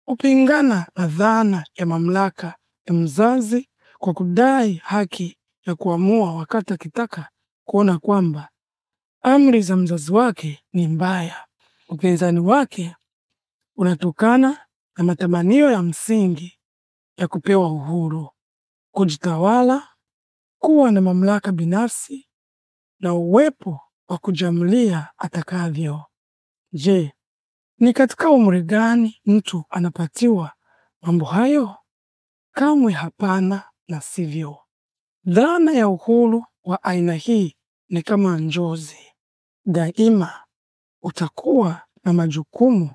hupingana na dhana ya mamlaka ya mzazi kwa kudai haki ya kuamua, wakati akitaka kuona kwamba amri za mzazi wake ni mbaya. Upinzani wake unatokana na matamanio ya msingi ya kupewa uhuru, kujitawala, kuwa na mamlaka binafsi na uwepo wa kujamlia atakavyo. Je, ni katika umri gani mtu anapatiwa mambo hayo? Kamwe hapana, na sivyo. Dhana ya uhuru wa aina hii ni kama njozi, daima utakuwa na majukumu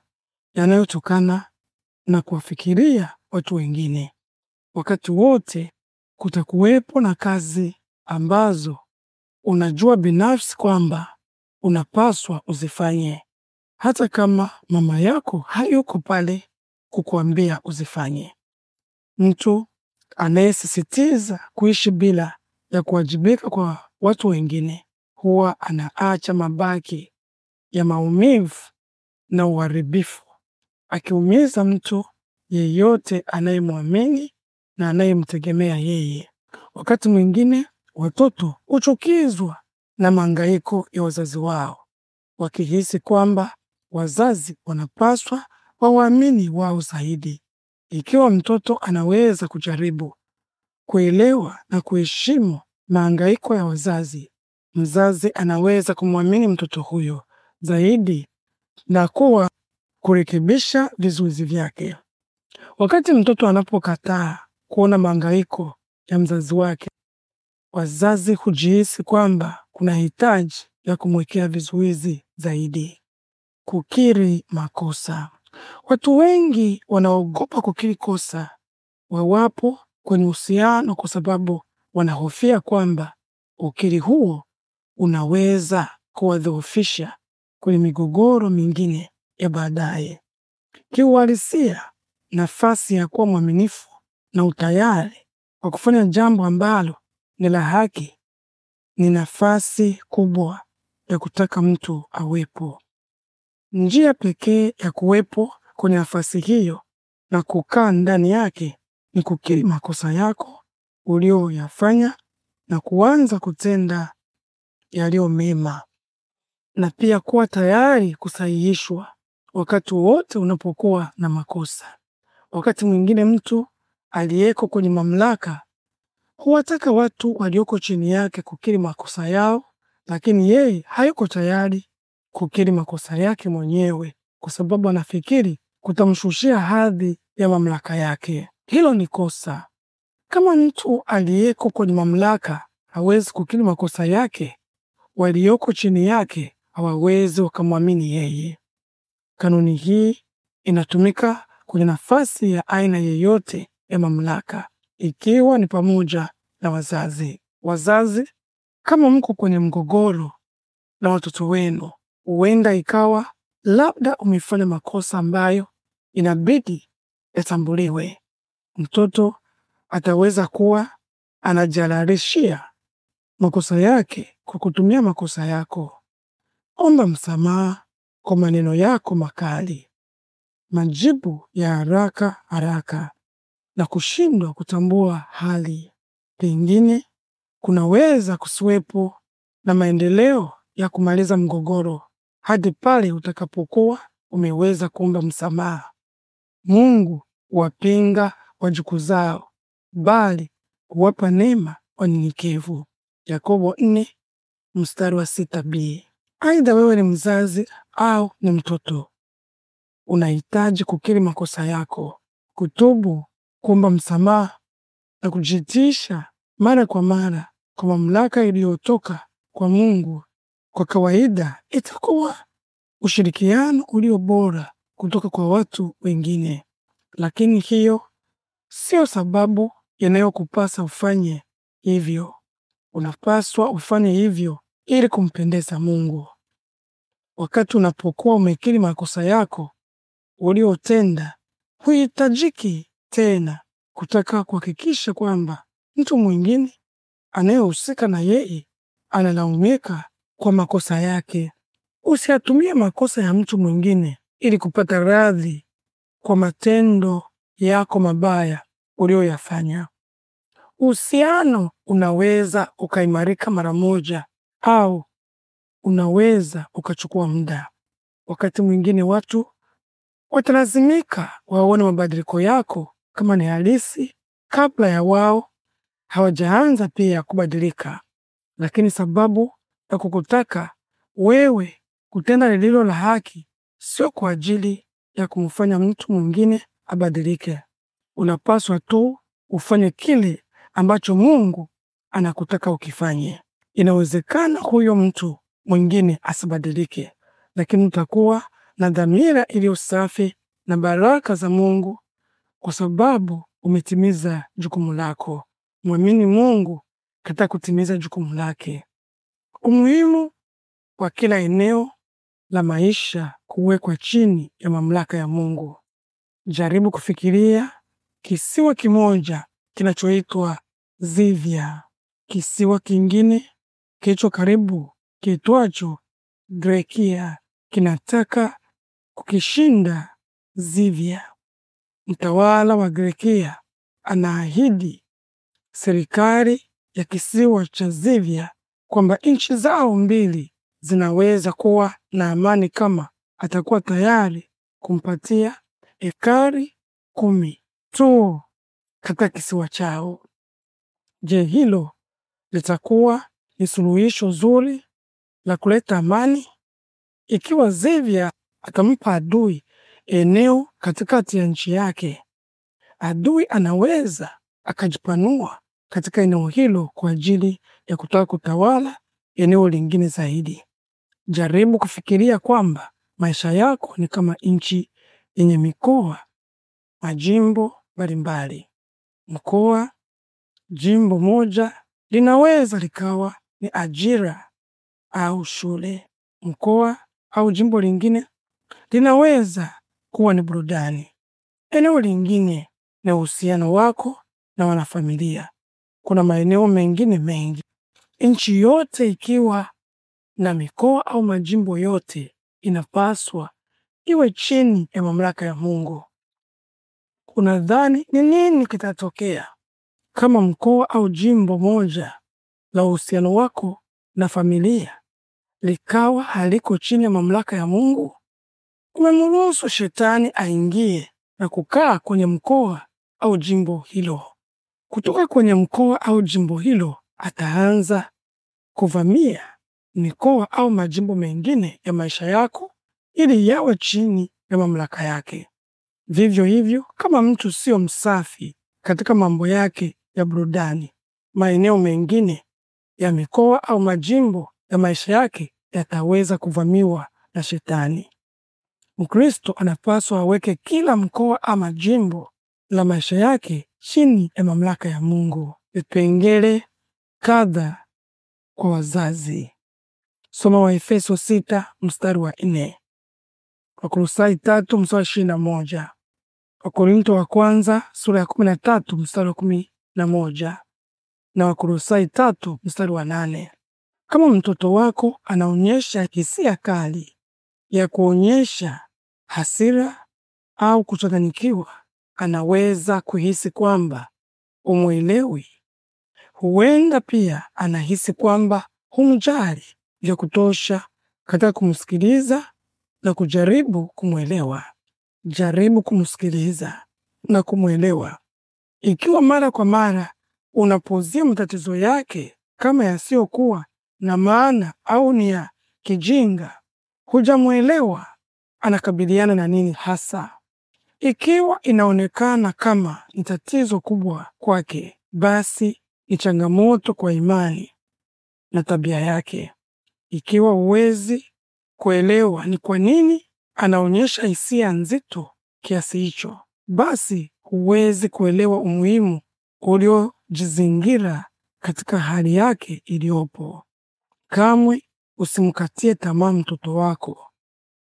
yanayotokana na kuwafikiria watu wengine. Wakati wote kutakuwepo na kazi ambazo unajua binafsi kwamba unapaswa uzifanye, hata kama mama yako hayuko pale kukuambia uzifanye. Mtu anayesisitiza kuishi bila ya kuwajibika kwa watu wengine huwa anaacha mabaki ya maumivu na uharibifu, akiumiza mtu yeyote anayemwamini na anayemtegemea yeye. Wakati mwingine watoto huchukizwa na mangaiko ya wazazi wao, wakihisi kwamba wazazi wanapaswa wawaamini wao zaidi. Ikiwa mtoto anaweza kujaribu kuelewa na kuheshimu maangaiko ya wazazi, mzazi anaweza kumwamini mtoto huyo zaidi na kuwa kurekebisha vizuizi vyake. Wakati mtoto anapokataa kuona maangaiko ya mzazi wake wazazi hujihisi kwamba kuna hitaji ya kumwekea vizuizi zaidi. Kukiri makosa. Watu wengi wanaogopa kukiri kosa wawapo kwenye uhusiano kwa sababu wanahofia kwamba ukiri huo unaweza kuwadhoofisha kwenye migogoro mingine ya baadaye. Kiuhalisia, nafasi ya kuwa mwaminifu na utayari kwa kufanya jambo ambalo ni la haki, ni nafasi kubwa ya kutaka mtu awepo. Njia pekee ya kuwepo kwenye nafasi hiyo na kukaa ndani yake ni kukiri makosa yako uliyoyafanya na kuanza kutenda yaliyo mema, na pia kuwa tayari kusahihishwa wakati wote unapokuwa na makosa. Wakati mwingine mtu aliyeko kwenye mamlaka Huwataka watu walioko chini yake kukiri makosa yao, lakini yeye hayuko tayari kukiri makosa yake mwenyewe kwa sababu anafikiri kutamshushia hadhi ya mamlaka yake. Hilo ni kosa. Kama mtu aliyeko kwenye mamlaka hawezi kukiri makosa yake, walioko chini yake hawawezi wakamwamini yeye. Kanuni hii inatumika kwenye nafasi ya aina yeyote ya mamlaka ikiwa ni pamoja na wazazi. Wazazi, kama mko kwenye mgogoro na watoto wenu, huenda ikawa labda umefanya makosa ambayo inabidi yatambuliwe. Mtoto ataweza kuwa anajalalishia makosa yake kwa kutumia makosa yako. Omba msamaha kwa maneno yako makali. Majibu ya haraka haraka na kushindwa kutambua hali. Pengine kunaweza kusiwepo na maendeleo ya kumaliza mgogoro hadi pale utakapokuwa umeweza kuomba msamaha. Mungu wapinga wajuku zao, bali huwapa neema wanyenyekevu. Yakobo nne mstari wa sita b. Aidha, wewe ni mzazi au ni mtoto, unahitaji kukiri makosa yako, kutubu kuomba msamaha na kujitisha mara kwa mara kwa mamlaka iliyotoka kwa Mungu, kwa kawaida itakuwa ushirikiano ulio bora kutoka kwa watu wengine, lakini hiyo sio sababu yanayokupasa ufanye hivyo. Unapaswa ufanye hivyo ili kumpendeza Mungu. Wakati unapokuwa umekiri makosa yako uliotenda, huhitajiki tena kutaka kuhakikisha kwamba mtu mwingine anayehusika na yeye analaumika kwa makosa yake. Usiyatumie makosa ya mtu mwingine ili kupata radhi kwa matendo yako mabaya uliyoyafanya. Uhusiano unaweza ukaimarika mara moja au unaweza ukachukua muda. Wakati mwingine watu watalazimika waone mabadiliko yako kama ni halisi kabla ya wao hawajaanza pia kubadilika, lakini sababu ya kukutaka wewe kutenda lililo la haki sio kwa ajili ya kumfanya mtu mwingine abadilike. Unapaswa tu ufanye kile ambacho Mungu anakutaka ukifanye. Inawezekana huyo mtu mwingine asibadilike, lakini utakuwa na dhamira iliyo safi na baraka za Mungu kwa sababu umetimiza jukumu lako. Mwamini Mungu katika kutimiza jukumu lake. Umuhimu kwa kila eneo la maisha kuwekwa chini ya mamlaka ya Mungu. Jaribu kufikiria kisiwa kimoja kinachoitwa Zivya, kisiwa kingine kilicho karibu kiitwacho Grekia kinataka kukishinda Zivya. Mtawala wa Grekia anaahidi serikali ya kisiwa cha Zevia kwamba nchi zao mbili zinaweza kuwa na amani kama atakuwa tayari kumpatia ekari kumi tu katika kisiwa chao. Je, hilo litakuwa ni suluhisho zuri la kuleta amani? Ikiwa Zivia atampa adui eneo katikati ya nchi yake, adui anaweza akajipanua katika eneo hilo kwa ajili ya kutaka kutawala eneo lingine zaidi. Jaribu kufikiria kwamba maisha yako ni kama nchi yenye mikoa, majimbo mbalimbali. Mkoa, jimbo moja linaweza likawa ni ajira au shule. Mkoa au jimbo lingine linaweza kuwa ni burudani. Eneo lingine ni uhusiano wako na wanafamilia. Kuna maeneo mengine mengi, nchi yote ikiwa na mikoa au majimbo yote inapaswa iwe chini ya mamlaka ya Mungu. Unadhani ni nini kitatokea kama mkoa au jimbo moja la uhusiano wako na familia likawa haliko chini ya mamlaka ya Mungu? kumemruhusu Shetani aingie na kukaa kwenye mkoa au jimbo hilo. Kutoka kwenye mkoa au jimbo hilo ataanza kuvamia mikoa au majimbo mengine ya maisha yako ili yawe chini ya mamlaka yake. Vivyo hivyo, kama mtu sio msafi katika mambo yake ya burudani, maeneo mengine ya mikoa au majimbo ya maisha yake yataweza kuvamiwa na Shetani. Mkristo anapaswa aweke kila mkoa ama jimbo la maisha yake chini ya mamlaka ya Mungu. Vipengele kadha kwa wazazi. Soma wa Efeso sita mstari wa 4, Wakolosai tatu mstari wa 21, Wakorinto wa kwanza sura ya tatu mstari wa kumi na moja na Wakolosai tatu mstari wa nane. Kama mtoto wako anaonyesha hisia kali ya kuonyesha hasira au kuchanganyikiwa, anaweza kuhisi kwamba umwelewi. Huenda pia anahisi kwamba humjali vya kutosha katika kumsikiliza na kujaribu kumwelewa. Jaribu kumsikiliza na kumwelewa. Ikiwa mara kwa mara unapozia matatizo yake kama yasiyokuwa na maana au ni ya kijinga, hujamwelewa anakabiliana na nini hasa. Ikiwa inaonekana kama ni tatizo kubwa kwake, basi ni changamoto kwa imani na tabia yake. Ikiwa huwezi kuelewa ni kwa nini anaonyesha hisia nzito kiasi hicho, basi huwezi kuelewa umuhimu uliojizingira katika hali yake iliyopo. Kamwe Usimkatie tamaa mtoto wako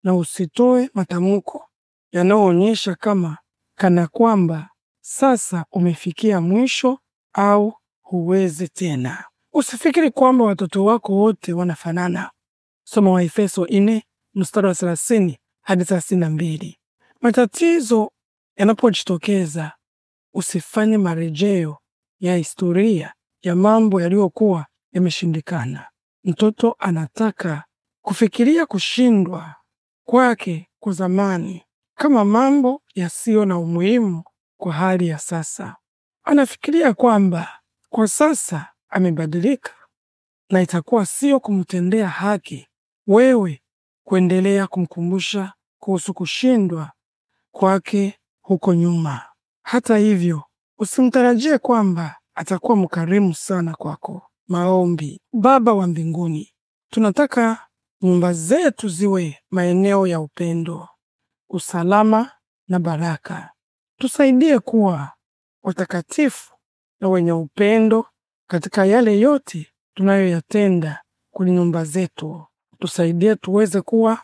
na usitoe matamko yanayoonyesha kama kana kwamba sasa umefikia mwisho au huwezi tena. Usifikiri kwamba watoto wako wote wanafanana. Soma Waefeso 4 mstari wa 30 hadi 32. Matatizo yanapojitokeza, usifanye marejeo ya historia ya mambo yaliyokuwa yameshindikana mtoto anataka kufikiria kushindwa kwake kwa zamani kama mambo yasiyo na umuhimu kwa hali ya sasa. Anafikiria kwamba kwa sasa amebadilika na itakuwa sio kumtendea haki wewe kuendelea kumkumbusha kuhusu kushindwa kwake huko nyuma. Hata hivyo, usimtarajie kwamba atakuwa mkarimu sana kwako. Maombi. Baba wa mbinguni, tunataka nyumba zetu ziwe maeneo ya upendo, usalama na baraka. Tusaidie kuwa watakatifu na wenye upendo katika yale yote tunayoyatenda kwenye nyumba zetu. Tusaidie tuweze kuwa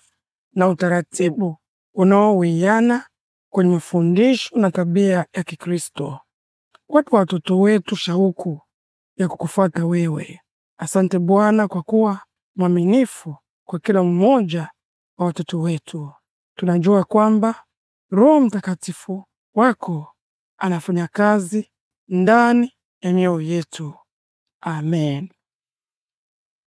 na utaratibu unaowiana kwenye mafundisho na tabia ya Kikristo. Watu watoto wetu shauku ya kukufuata wewe. Asante Bwana kwa kuwa mwaminifu kwa kila mmoja wa watoto wetu. Tunajua kwamba Roho Mtakatifu wako anafanya kazi ndani ya mioyo yetu. Amen.